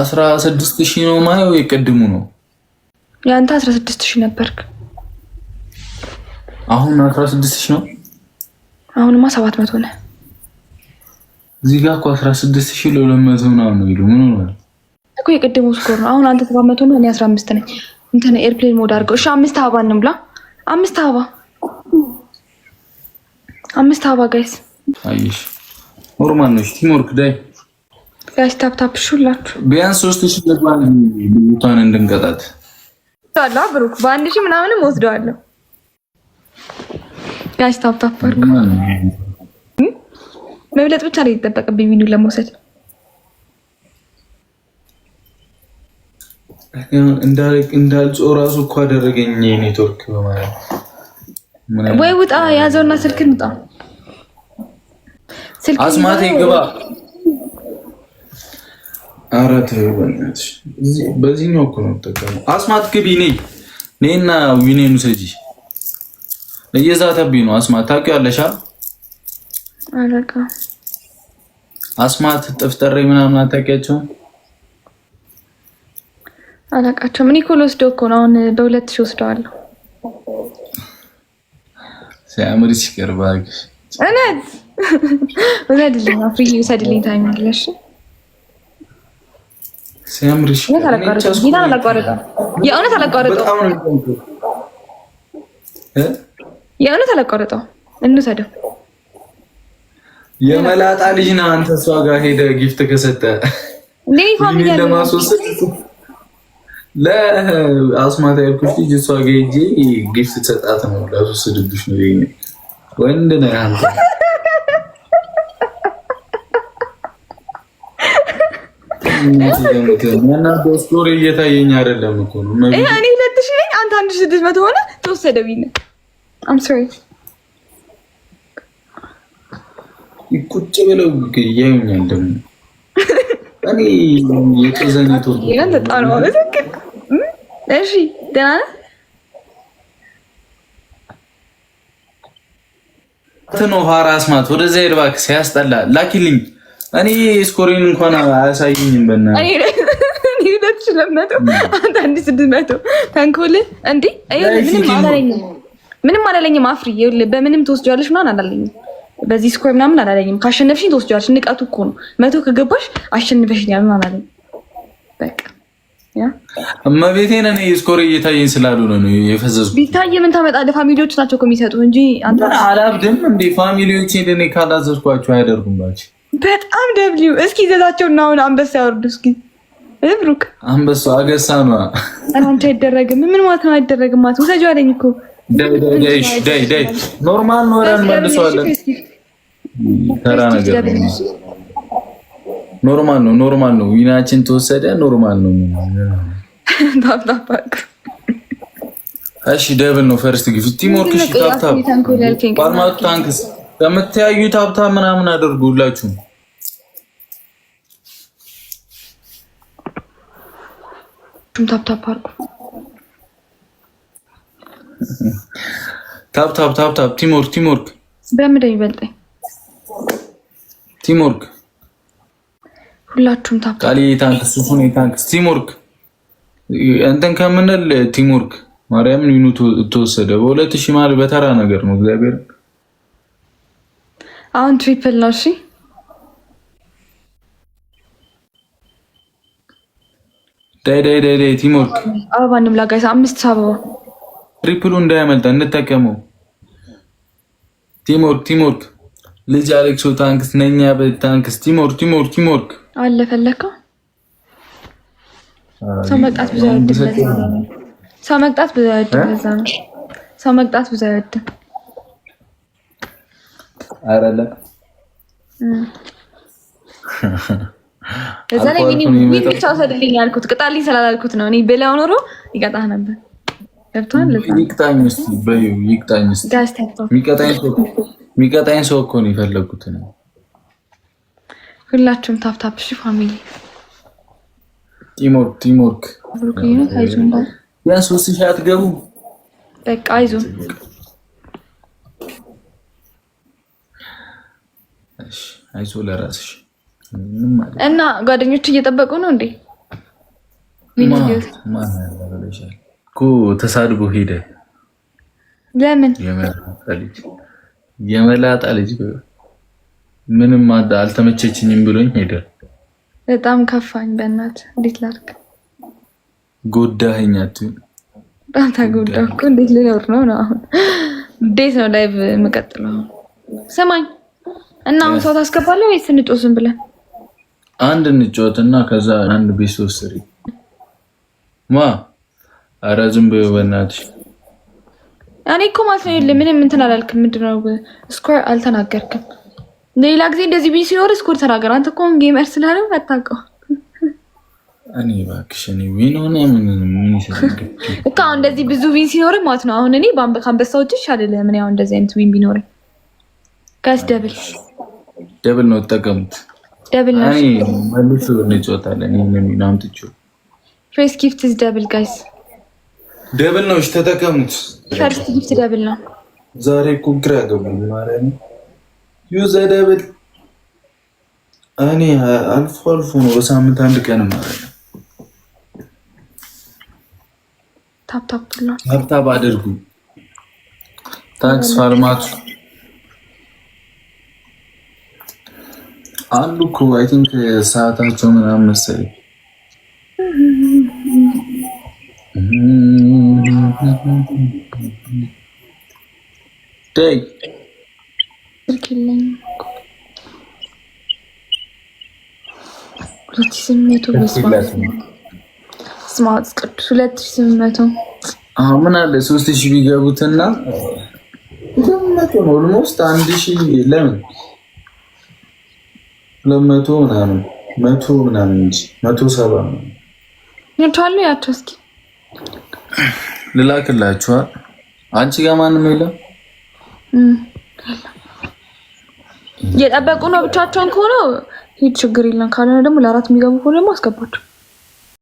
አስራ ስድስት ሺ ነው ማየው። የቀድሙ ነው የአንተ አስራ ስድስት ሺ ነበርክ። አሁን አስራ ስድስት ነው። አሁንማ ሰባት መቶ ነህ። እዚህ ጋር እኮ አስራ ስድስት ሺህ ለሁለት መቶ ምናምን ነው ይሉ ምን ነው እኮ የቀድሙ ስኮር ነው። አሁን አንተ ሰባት መቶ ነው፣ እኔ አስራ አምስት ነኝ። እንትን ኤርፕሌን ሞድ አድርገው። እሺ አምስት ሀባ እንብላ። አምስት ሀባ አምስት ሀባ ጋይስ። አይሽ ኖርማል ነው። ቲም ወርክ ዳይ ጋሽ ታፕታፕ ሹላችሁ ቢያንስ ሶስት ሺ ለጓል ብታን እንድንቀጣት ታላ ብሩክ በአንድ ሺ ምናምንም ወስደዋለሁ። ጋሽ ታፕታፕ አርኩ መብለጥ ብቻ ነው የተጠበቅብኝ ቢኑ ለመውሰድ እንዳልጾ ራሱ እኮ አደረገኝ ኔትወርክ በማለት ወይ ውጣ ያዘውና ስልክን ውጣ ስልክ አስማቴ ግባ ኧረ ተይው በእናትሽ። በዚህኛው እኮ ነው የምጠቀመው። አስማት ግቢ ነይ ነይና ዊኔኑ ሰጂ እየዛተብኝ ነው። አስማት ታውቂዋለሽ? አረቃ አስማት ጥፍጠሬ ምናምን አታውቂያቸውም? አላውቃቸውም። እኔ እኮ ልወስደው እኮ ነው አሁን በሁለት ሺህ ወስደዋለሁ። ሲያምር ሲቀርባግ እውነት እውነት ልኝ አፍሪ ውሰድልኝ ታይኛለሽ ሲያምርሽ ጌታ አላቋረጠም። የእውነት አላቋረጠም። የእውነት አላቋረጠም። እንውሰደው። የመላጣ ልጅ ነህ አንተ። እሷ ጋር ሄደህ ጊፍት ከሰጠ ያልኩሽ ልጅ እሷ ጋር ጊፍት ሰጣት ነው። ነው። ወንድ ነህ አንተ ስቶሪ እየታየኝ አይደለም እኮ ነው። እኔ ሁለት ሺህ ነኝ፣ አንተ አንድ ስድስት መቶ ሆነ። ተወሰደብኝ። አም ሶሪ ቁጭ ብለው እያዩኛል ደግሞ እኔ እሺ ደህና ነህ ትኖ ወደዚያ ሄድ እባክህ፣ ሲያስጠላ ላኪልኝ እኔ ስኮሪን እንኳን አያሳይኝም። በእናትህ እኔ ሁለት አንድ ስድስት መቶ ተንኮል እንዴ! ምንም አላለኝም፣ አፍሪ በምንም ትወስጃለሽ ምናምን አላለኝም። በዚህ ስኮር ምናምን አላለኝም። ካሸነፍሽኝ ትወስጃለሽ። ንቀቱ እኮ ነው። መቶ ከገባሽ አሸንፈሽኛል ምናምን አላለኝ። በቃ እመቤቴን እኔ ስኮር እየታየኝ ስላሉ ነው የፈዘዝኩት። ቢታየ ምን ታመጣለህ? ፋሚሊዎች ናቸው እኮ የሚሰጡ እንጂ አላብድም እንዴ ፋሚሊዎች እኔ ካላዘዝኳቸው አያደርጉም ናቸው በጣም ደብሊው እስኪ ዘዛቸው እና አሁን አንበሳ ያወርዱ እስኪ ብሩክ አንበሳ አገሳ ነ አንተ አይደረግም። ምን ማለት ነው አይደረግም? ማለት ውሰጁ አለኝ እኮ ኖርማል ነው። ራን ተራ ነገር ኖርማል ነው። ኖርማል ነው። ዊናችን ተወሰደ። ኖርማል ነው። ታብታባክ እሺ፣ ደብል ነው። ፈርስት ግፊት ቲሞርክ። ታፕታፕ ታብታብ ታንክስ ከምትያዩ ታፕታፕ ምናምን አድርጉላችሁ ታፕታፕ አድርጉ። ታፕታፕ ታፕታፕ። ቲምወርክ ቲምወርክ። በምን ይበልጠኝ? ቲምወርክ። ሁላችሁም ታፕታፕ። ቃል የታንክስ ሱሱን የታንክስ ቲምወርክ። እንትን ከምንል ቲምወርክ ማርያምን ዩኑ ተወሰደ። በሁለት ሺህ ማለት በተራ ነገር ነው። እግዚአብሔር አሁን ትሪፕል ነው። እሺ ዳይ ዳይ ዳይ ዳይ ቲሞርክ አበባ እንብላ ጋይስ። አምስት አበባ ትሪፕሉ እንዳያመልጣ እንጠቀመው። ቲሞክ ቲሞርክ ልጅ አሌክሶ ታንክስ ነኛ በታንክስ ቲሞክ ቲሞክ ቲሞርክ አለ ፈለካ ሰው መቅጣት ብዙ አይወድም። ሰው መቅጣት ብዙ አይወድም። ለዛ ነው ሰው መቅጣት ብዙ አይወድም። አረለ እዛ ላይ ሚኒ ብቻ ውሰድልኝ ያልኩት ቅጣልኝ ስላላልኩት ነው። እኔ ብለው ኖሮ ይቀጣህ ነበር። ሚቀጣኝ ሰው እኮ ነው የፈለጉት ነው። ሁላችሁም ታፕታፕ እሺ። ፋሚሊ ቲሞርክ ቲሞርክ ቢያንስ ሶስት ሺህ አትገቡ። በቃ አይዞን አይዞ ለራስሽ እና ጓደኞቹ እየጠበቁ ነው እንዴ? እኮ ተሳድቦ ሄደ። ለምን የመላጣ ልጅ ምንም አልተመቸችኝም ብሎኝ ሄደ። በጣም ከፋኝ። በእናት እንዴት ላድርግ? ጎዳኸኛት። አትይም? በጣም ተጎዳሁ እኮ እንዴት ልኖር ነው ነው? አሁን እንዴት ነው ላይቭ የምቀጥለው? ስማኝ እና አሁን ሰው ታስገባለህ ወይስ እንጮህ ብለን አንድ እና ከዛ አንድ ቤት ሶስት ስሪ ማ ኧረ ዝም በይው በእናትሽ። እኔ እኮ ማለት ነው የለ ምንም እንትን አላልክም። ምንድን ስኮር አልተናገርክም። ሌላ ጊዜ እንደዚህ ቤት ሲኖር ስኮር ተናገር። አንተ እኮ ጌመር ስላለ አታውቀው። እኔ እባክሽ እኔ ዊን ሆነ ምን ምን ይሰግግ እኮ አሁን እንደዚህ ብዙ ቢን ሲኖር ማለት ነው። አሁን እኔ ባምበ ካምበሳ ውጭ ምን ያው እንደዚህ አይነት ቢን ቢኖር ጋስ ደብል ደብል ነው ተጠቀሙት። ደብል ነው መልሱ። እንጫወታለን። ይሄንን አምጥቼው ፍሬስ ጊፍት ኢዝ ደብል ጋይስ፣ ደብል ነው። እሺ ተጠቀሙት። ፈርስት ጊፍት ደብል ነው። ዛሬ እኮ ግራ ገባኝ። ማርያም ዩዘ ደብል እኔ አልፎ አልፎ ነው በሳምንት አንድ ቀን ማለት ታፕታፕ አድርጉ። ታክስ ፋርማቱ አሉ እኮ አይ ቲንክ ሰዓታቸው ምናምን መሰለኝ። ሁለት ሺህ ስምንት መቶ ስማ ምን አለ ሶስት ሺህ ቢገቡትና ሁሉም አንድ ሺህ ለምን ሁለት መቶ ምናምን መቶ ምናምን እንጂ መቶ ሰባ ምናምን ያቸው እስኪ ልላክላችኋል። አንቺ ጋር ማንም የለም እየጠበቁ ነው። ብቻቸውን ከሆነ ይህ ችግር የለም። ካልሆነ ደግሞ ለአራት የሚገቡ ከሆነ ደግሞ አስገባቸው።